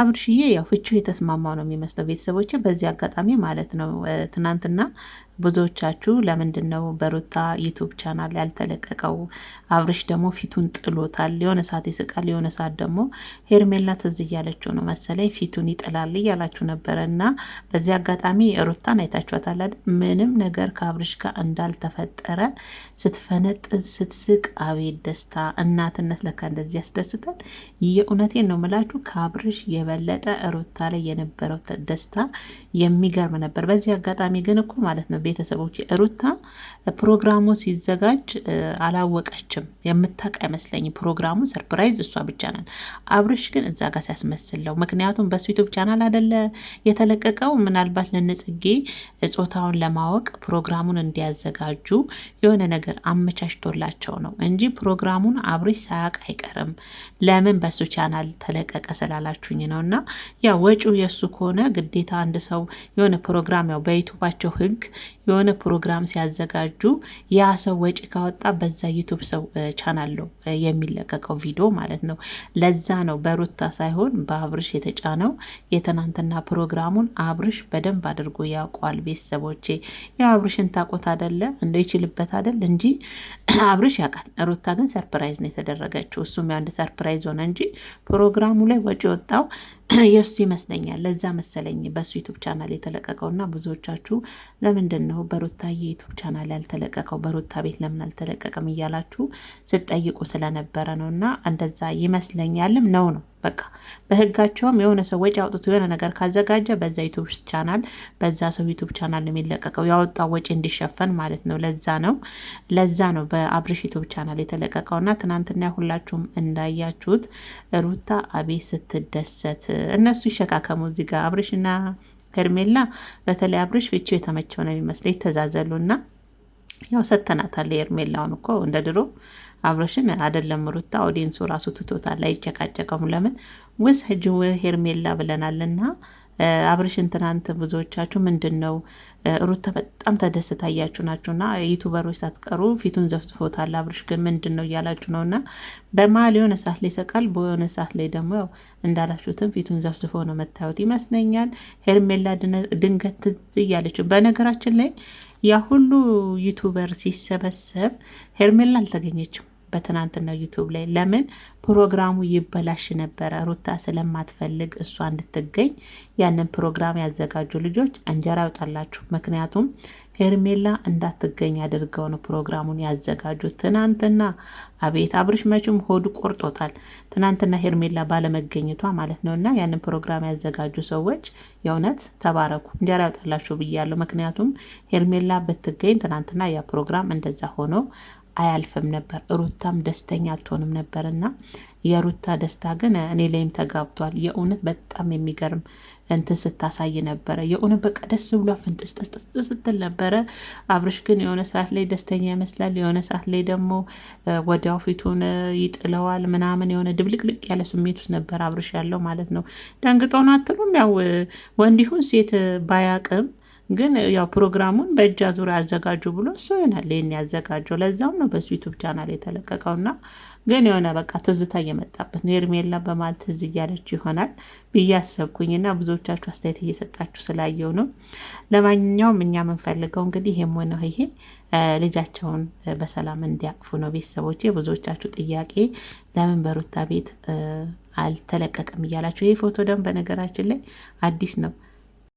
አብርሽዬ ያው ፍቺው የተስማማው ነው የሚመስለው ቤተሰቦች በዚህ አጋጣሚ ማለት ነው። ትናንትና ብዙዎቻችሁ ለምንድን ነው በሩታ ዩቱብ ቻናል ያልተለቀቀው? አብርሽ ደግሞ ፊቱን ጥሎታል። የሆነ ሰዓት ይስቃል፣ የሆነ ሰዓት ደግሞ ሄርሜላ ትዝ እያለችው ነው መሰለኝ ፊቱን ይጥላል እያላችሁ ነበረ እና በዚህ አጋጣሚ ሩታን አይታችኋታል። ምንም ነገር ከአብርሽ ጋር እንዳልተፈጠረ ስትፈነጥዝ፣ ስትስቅ፣ አቤት ደስታ! እናትነት ለካ እንደዚህ ያስደስታል። የእውነቴን ነው ምላችሁ ከአብርሽ የበለጠ ሩታ ላይ የነበረው ደስታ የሚገርም ነበር። በዚህ አጋጣሚ ግን እኮ ማለት ነው ቤተሰቦች ሩታ ፕሮግራሙ ሲዘጋጅ አላወቀችም። የምታውቅ አይመስለኝ ፕሮግራሙ ሰርፕራይዝ እሷ ብቻ ናት። አብርሽ ግን እዛ ጋር ሲያስመስለው፣ ምክንያቱም በሱ ዩቱብ ቻናል አደለ የተለቀቀው። ምናልባት ለነጽጌ ጾታውን ለማወቅ ፕሮግራሙን እንዲያዘጋጁ የሆነ ነገር አመቻችቶላቸው ነው እንጂ ፕሮግራሙን አብርሽ ሳያውቅ አይቀርም። ለምን በሱ ቻናል ተለቀቀ ስላላችሁኝ ነው። እና ያ ወጪው የእሱ ከሆነ ግዴታ አንድ ሰው የሆነ ፕሮግራም ያው በዩቱባቸው ህግ የሆነ ፕሮግራም ሲያዘጋጁ ያ ሰው ወጪ ካወጣ በዛ ዩቱብ ሰው ቻናል ነው የሚለቀቀው ቪዲዮ ማለት ነው። ለዛ ነው በሩታ ሳይሆን በአብርሽ የተጫነው። የትናንትና ፕሮግራሙን አብርሽ በደንብ አድርጎ ያውቋል። ቤተሰቦቼ ያው አብርሽን ታቆት አደለ እንደ ይችልበት አደል እንጂ አብርሽ ያውቃል። ሩታ ግን ሰርፕራይዝ ነው የተደረገችው። እሱም ያንድ ሰርፕራይዝ ሆነ እንጂ ፕሮግራሙ ላይ ወጪ ወጣው የእሱ ይመስለኛል። ለዛ መሰለኝ በእሱ ዩቱብ ቻናል የተለቀቀው እና ብዙዎቻችሁ ለምንድን ነው በሩታ የዩቱብ ቻናል ያልተለቀቀው በሩታ ቤት ለምን አልተለቀቀም እያላችሁ ስጠይቁ ስለነበረ ነው እና እንደዛ ይመስለኛልም ነው ነው በቃ በህጋቸውም የሆነ ሰው ወጪ አውጥቶ የሆነ ነገር ካዘጋጀ በዛ ዩቱብ ቻናል በዛ ሰው ዩቱብ ቻናል የሚለቀቀው ያወጣ ወጪ እንዲሸፈን ማለት ነው። ለዛ ነው ለዛ ነው በአብርሽ ዩቱብ ቻናል የተለቀቀው እና ትናንትና ሁላችሁም እንዳያችሁት ሩታ አቤት ስትደሰት እነሱ ይሸካከሙ እዚህ ጋር አብርሽና ሄርሜላ በተለይ አብርሽ ፍቺው የተመቸው ነው የሚመስለው። ይተዛዘሉና ያው ሰተናታል። የእርሜላውን እኮ እንደ ድሮ አብረሽን አደለም ሩታ ኦዲንሱ ራሱ ትቶታል። አይጨቃጨቀም። ለምን ውስ ህጅ ሄርሜላ ብለናል ብለናልና አብረሽን ትናንት ብዙዎቻችሁ ምንድን ነው ሩታ በጣም ተደስታ እያችሁ ና ዩቱበሮች ሳትቀሩ ፊቱን ዘፍዝፎታል። አብረሽ ግን ምንድን ነው እያላችሁ ነው ነውና በመሀል የሆነ ሰዓት ላይ ይሰቃል፣ በሆነ ሰዓት ላይ ደግሞ ያው እንዳላችሁትም ፊቱን ዘፍዝፎ ነው መታየት ይመስለኛል። ሄርሜላ ድንገት ትዝ እያለችው በነገራችን ላይ ያ ሁሉ ዩቱበር ሲሰበሰብ ሄርሜላ አልተገኘችም። በትናንትና ዩቱብ ላይ ለምን ፕሮግራሙ ይበላሽ ነበረ። ሩታ ስለማትፈልግ እሷ እንድትገኝ ያንን ፕሮግራም ያዘጋጁ ልጆች እንጀራ ይውጣላችሁ። ምክንያቱም ሄርሜላ እንዳትገኝ አድርገው ነው ፕሮግራሙን ያዘጋጁ ትናንትና አቤት አብርሽ መቼም ሆዱ ቆርጦታል። ትናንትና ሄርሜላ ባለመገኘቷ ማለት ነው። እና ያንን ፕሮግራም ያዘጋጁ ሰዎች የእውነት ተባረኩ፣ እንጀራ ያውጣላችሁ ብያለሁ። ምክንያቱም ሄርሜላ ብትገኝ ትናንትና ያ ፕሮግራም እንደዛ ሆኖ አያልፍም ነበር። ሩታም ደስተኛ አትሆንም ነበር እና የሩታ ደስታ ግን እኔ ላይም ተጋብቷል። የእውነት በጣም የሚገርም እንትን ስታሳይ ነበረ። የእውነት በቃ ደስ ብሎ ፍንጥስጥስጥስ ስትል ነበረ። አብርሽ ግን የሆነ ሰዓት ላይ ደስተኛ ይመስላል፣ የሆነ ሰዓት ላይ ደግሞ ወዲያው ፊቱን ይጥለዋል ምናምን። የሆነ ድብልቅልቅ ያለ ስሜት ውስጥ ነበር አብርሽ ያለው ማለት ነው። ደንግጦ ነው አትሉም? ያው ወንድ ይሁን ሴት ባያቅም ግን ያው ፕሮግራሙን በእጅ ዙሪያ ያዘጋጁ ብሎ እሱ ይሆናል ይህን ያዘጋጀው። ለዛውም ነው በሱ ዩቱብ ቻናል የተለቀቀውና ግን የሆነ በቃ ትዝታ እየመጣበት ነው። ሄርሜላ በማል ትዝ እያለች ይሆናል ብዬ አሰብኩኝና ብዙዎቻችሁ አስተያየት እየሰጣችሁ ስላየው ነው። ለማንኛውም እኛ የምንፈልገው እንግዲህ ይሄም ሆነ ይሄ ልጃቸውን በሰላም እንዲያቅፉ ነው። ቤተሰቦች ብዙዎቻችሁ ጥያቄ ለምን በሩታ ቤት አልተለቀቅም እያላችሁ ይህ ፎቶ ደግሞ በነገራችን ላይ አዲስ ነው